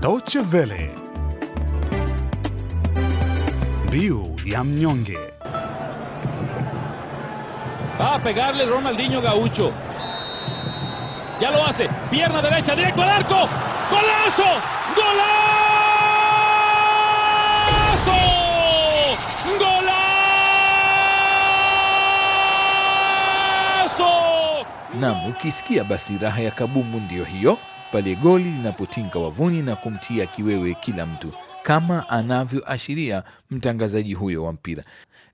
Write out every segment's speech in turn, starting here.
Deutsche Welle. Ryu Yamnyonge. Va a pegarle Ronaldinho Gaucho. Ya lo hace. Pierna derecha, directo al arco. ¡Golazo! ¡Golazo! ¡Golazo! Namu kisikia basi raha ya kabumbu pale goli linapotinga wavuni na kumtia kiwewe kila mtu kama anavyoashiria mtangazaji huyo wa mpira.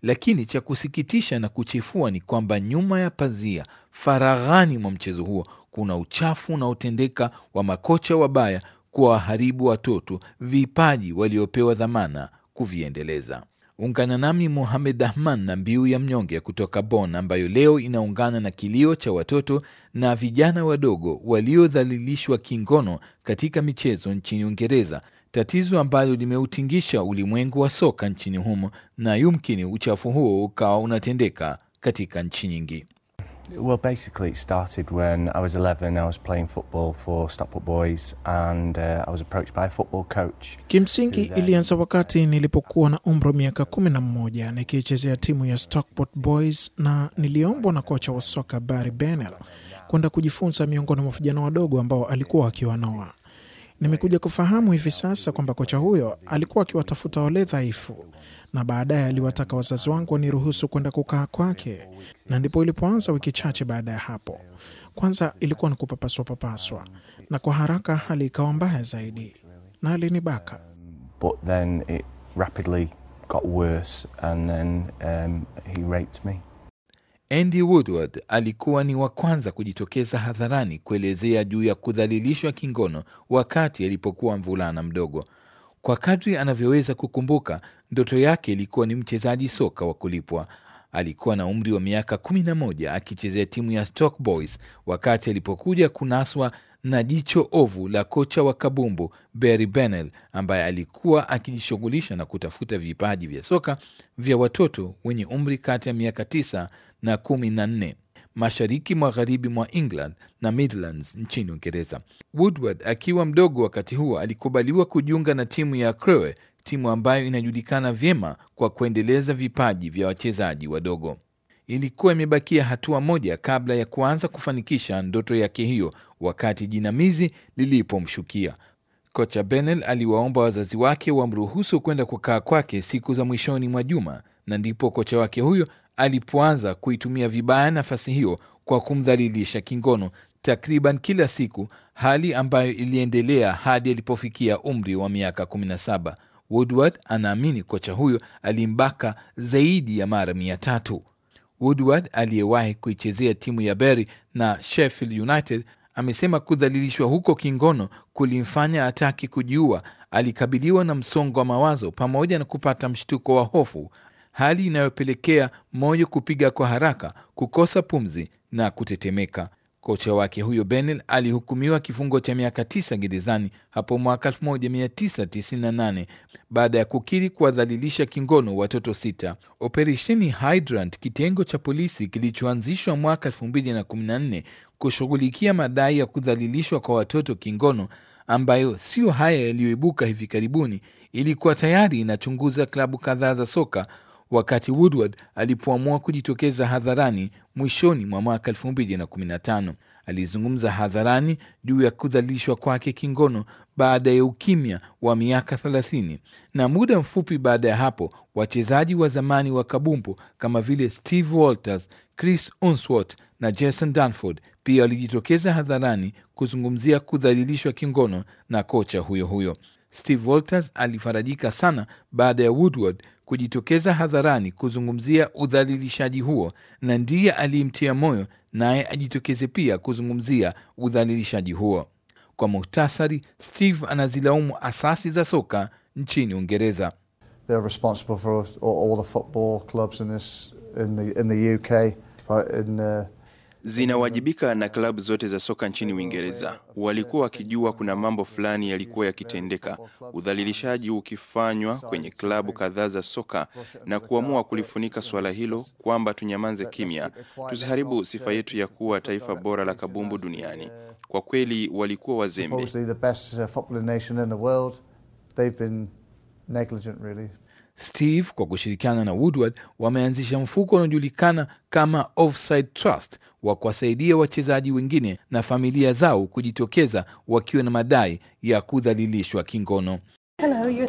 Lakini cha kusikitisha na kuchefua ni kwamba nyuma ya pazia, faraghani mwa mchezo huo, kuna uchafu unaotendeka wa makocha wabaya kuwaharibu watoto vipaji waliopewa dhamana kuviendeleza. Ungana nami Mohamed Ahman na Mbiu ya Mnyonge kutoka bon ambayo leo inaungana na kilio cha watoto na vijana wadogo waliodhalilishwa kingono katika michezo nchini Uingereza, tatizo ambalo limeutingisha ulimwengu wa soka nchini humo, na yumkini uchafu huo ukawa unatendeka katika nchi nyingi. Well, basically, it started when I was 11. I was playing football for Stockport Boys and uh, I was approached by a football coach. Kimsingi uh, ilianza wakati nilipokuwa na umri wa miaka 11 nikichezea timu ya Stockport Boys, na niliombwa na kocha wa soka Barry Bennell kwenda kujifunza miongoni mwa vijana wadogo ambao alikuwa akiwanoa. Nimekuja kufahamu hivi sasa kwamba kocha huyo alikuwa akiwatafuta wale dhaifu, na baadaye aliwataka wazazi wangu waniruhusu kwenda kukaa kwake, na ndipo ilipoanza wiki chache baada ya hapo. Kwanza ilikuwa ni kupapaswa papaswa, na kwa haraka hali ikawa mbaya zaidi na alinibaka. But then it rapidly got worse and then um, he raped me. Andy Woodward alikuwa ni wa kwanza kujitokeza hadharani kuelezea juu ya kudhalilishwa kingono wakati alipokuwa mvulana mdogo. Kwa kadri anavyoweza kukumbuka, ndoto yake ilikuwa ni mchezaji soka wa kulipwa. Alikuwa na umri wa miaka 11 akichezea timu ya Stock Boys wakati alipokuja kunaswa na jicho ovu la kocha wa kabumbu Barry Bennell ambaye alikuwa akijishughulisha na kutafuta vipaji vya soka vya watoto wenye umri kati ya miaka 9 na kumi na nne mashariki magharibi mwa England na Midlands nchini Uingereza. Woodward akiwa mdogo wakati huo alikubaliwa kujiunga na timu ya Crewe, timu ambayo inajulikana vyema kwa kuendeleza vipaji vya wachezaji wadogo. Ilikuwa imebakia hatua moja kabla ya kuanza kufanikisha ndoto yake hiyo, wakati jinamizi lilipomshukia. Kocha Benel aliwaomba wazazi wake wamruhusu kwenda kukaa kwake siku za mwishoni mwa juma, na ndipo kocha wake huyo alipoanza kuitumia vibaya nafasi hiyo kwa kumdhalilisha kingono takriban kila siku, hali ambayo iliendelea hadi alipofikia umri wa miaka 17. Woodward anaamini kocha huyo alimbaka zaidi ya mara mia tatu. Woodward aliyewahi kuichezea timu ya bery na Sheffield United amesema kudhalilishwa huko kingono kulimfanya ataki kujiua. Alikabiliwa na msongo wa mawazo pamoja na kupata mshtuko wa hofu hali inayopelekea moyo kupiga kwa haraka, kukosa pumzi na kutetemeka. Kocha wake huyo Benel alihukumiwa kifungo cha miaka tisa gerezani hapo mwaka 1998 baada ya kukiri kuwadhalilisha kingono watoto sita. Operesheni Hydrant, kitengo cha polisi kilichoanzishwa mwaka 2014 kushughulikia madai ya kudhalilishwa kwa watoto kingono, ambayo sio haya yaliyoibuka hivi karibuni, ilikuwa tayari inachunguza klabu kadhaa za soka wakati Woodward alipoamua kujitokeza hadharani mwishoni mwa mwaka 2015. Alizungumza hadharani juu ya kudhalilishwa kwake kingono baada ya ukimya wa miaka 30, na muda mfupi baada ya hapo wachezaji wa zamani wa kabumbu kama vile Steve Walters, Chris Unsworth na Jason Danford pia walijitokeza hadharani kuzungumzia kudhalilishwa kingono na kocha huyo huyo. Steve Walters alifarajika sana baada ya Woodward kujitokeza hadharani kuzungumzia udhalilishaji huo, na ndiye aliyemtia moyo naye ajitokeze pia kuzungumzia udhalilishaji huo. Kwa muhtasari, Steve anazilaumu asasi za soka nchini Uingereza in zinawajibika na klabu zote za soka nchini Uingereza. Walikuwa wakijua kuna mambo fulani yalikuwa yakitendeka, udhalilishaji ukifanywa kwenye klabu kadhaa za soka na kuamua kulifunika suala hilo, kwamba tunyamaze kimya, tusiharibu sifa yetu ya kuwa taifa bora la kabumbu duniani. Kwa kweli walikuwa wazembe. Steve kwa kushirikiana na Woodward wameanzisha mfuko unaojulikana kama Offside Trust wa kuwasaidia wachezaji wengine na familia zao kujitokeza wakiwa na madai ya kudhalilishwa kingono. Hello,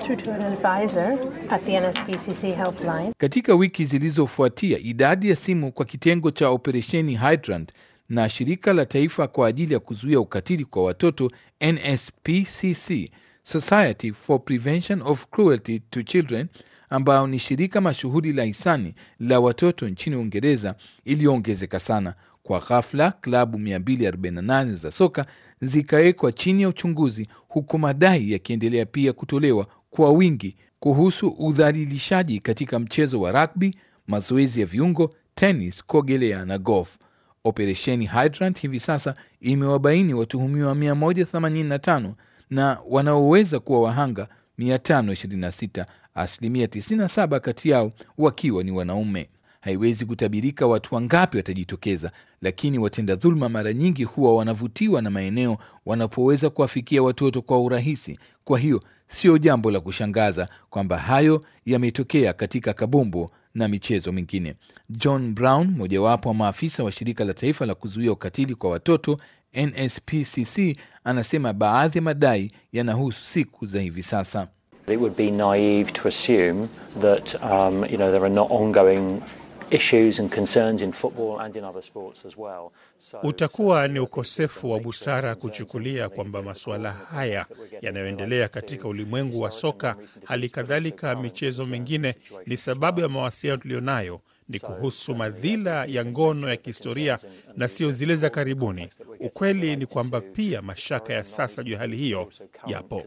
Katika wiki zilizofuatia, idadi ya simu kwa kitengo cha operesheni Hydrant na shirika la taifa kwa ajili ya kuzuia ukatili kwa watoto NSPCC, Society for Prevention of Cruelty to Children ambao ni shirika mashuhuri la hisani la watoto nchini Uingereza iliyoongezeka sana. Kwa ghafla klabu 248 za soka zikawekwa chini ya uchunguzi, huku madai yakiendelea pia kutolewa kwa wingi kuhusu udhalilishaji katika mchezo wa rugby, mazoezi ya viungo, tenis, kuogelea na golf. Operesheni Hydrant hivi sasa imewabaini watuhumiwa 185 na wanaoweza kuwa wahanga 526 asilimia 97 kati yao wakiwa ni wanaume. Haiwezi kutabirika watu wangapi watajitokeza, lakini watenda dhuluma mara nyingi huwa wanavutiwa na maeneo wanapoweza kuwafikia watoto kwa urahisi. Kwa hiyo sio jambo la kushangaza kwamba hayo yametokea katika kabumbu na michezo mingine. John Brown, mojawapo wa maafisa wa shirika la taifa la kuzuia ukatili kwa watoto NSPCC, anasema baadhi ya madai yanahusu siku za hivi sasa. It would be naive to assume that um, you know there are not ongoing issues and concerns in football and in other sports as well. So, utakuwa ni ukosefu wa busara kuchukulia kwamba masuala haya yanayoendelea katika ulimwengu wa soka, hali kadhalika michezo mingine, ni sababu ya mawasiliano tuliyonayo ni kuhusu madhila ya ngono ya kihistoria na sio zile za karibuni. Ukweli ni kwamba pia mashaka ya sasa juu ya hali hiyo yapo.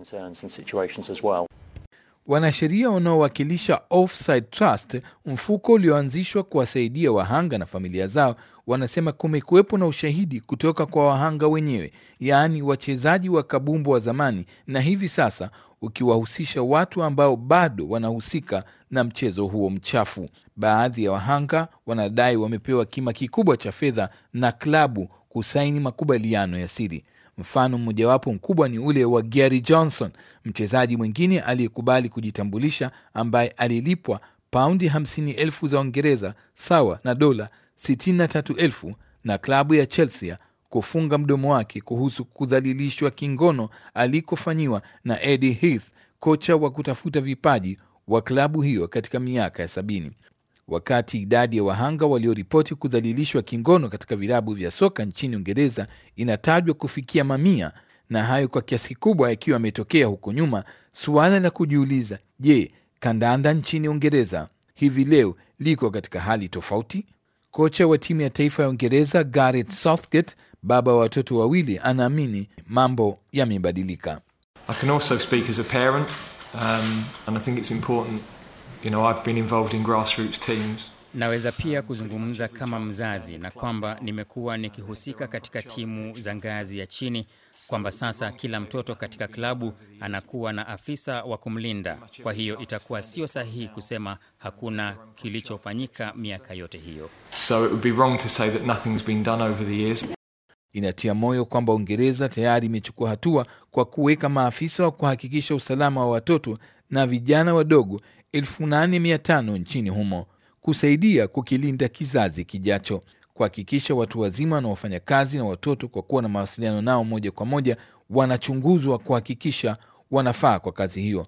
Wanasheria wanaowakilisha Offside Trust, mfuko ulioanzishwa kuwasaidia wahanga na familia zao, wanasema kumekuwepo na ushahidi kutoka kwa wahanga wenyewe, yaani wachezaji wa kabumbu wa zamani, na hivi sasa ukiwahusisha watu ambao bado wanahusika na mchezo huo mchafu. Baadhi ya wahanga wanadai wamepewa kima kikubwa cha fedha na klabu kusaini makubaliano ya siri. Mfano mmojawapo mkubwa ni ule wa Gary Johnson, mchezaji mwingine aliyekubali kujitambulisha, ambaye alilipwa paundi hamsini za Uingereza sawa na dola 63 na na klabu ya Chelsea kufunga mdomo wake kuhusu kudhalilishwa kingono alikofanyiwa na Eddie Heath, kocha wa kutafuta vipaji wa klabu hiyo katika miaka ya sabini wakati idadi ya wahanga walioripoti kudhalilishwa kingono katika vilabu vya soka nchini Uingereza inatajwa kufikia mamia, na hayo kwa kiasi kikubwa yakiwa yametokea huko nyuma. Suala la kujiuliza, je, kandanda nchini Uingereza hivi leo liko katika hali tofauti? Kocha wa timu ya taifa ya Uingereza Gareth Southgate, baba wa watoto wawili, anaamini mambo yamebadilika. I can also speak as a parent, um, and I think it's important you know, I've been involved in grassroots teams. Naweza pia kuzungumza kama mzazi na kwamba nimekuwa nikihusika katika timu za ngazi ya chini, kwamba sasa kila mtoto katika klabu anakuwa na afisa wa kumlinda. Kwa hiyo itakuwa sio sahihi kusema hakuna kilichofanyika miaka yote hiyo. So it would be wrong to say that nothing's been done over the years. Inatia moyo kwamba Uingereza tayari imechukua hatua kwa kuweka maafisa wa kuhakikisha usalama wa watoto na vijana wadogo 8500 nchini humo kusaidia kukilinda kizazi kijacho, kuhakikisha watu wazima na wafanyakazi na watoto, kwa kuwa na mawasiliano nao moja kwa moja, wanachunguzwa kuhakikisha wanafaa kwa kazi hiyo.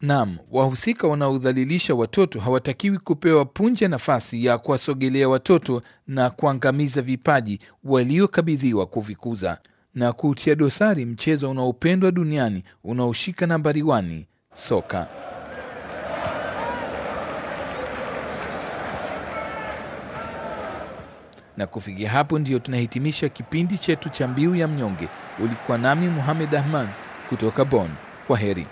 Naam, wahusika wanaodhalilisha watoto hawatakiwi kupewa punje nafasi ya kuwasogelea watoto na kuangamiza vipaji waliokabidhiwa kuvikuza na kutia dosari mchezo unaopendwa duniani unaoshika nambari wani, soka. Na kufikia hapo, ndiyo tunahitimisha kipindi chetu cha Mbiu ya Mnyonge. Ulikuwa nami Muhammad Ahman kutoka Bonn. Kwa heri.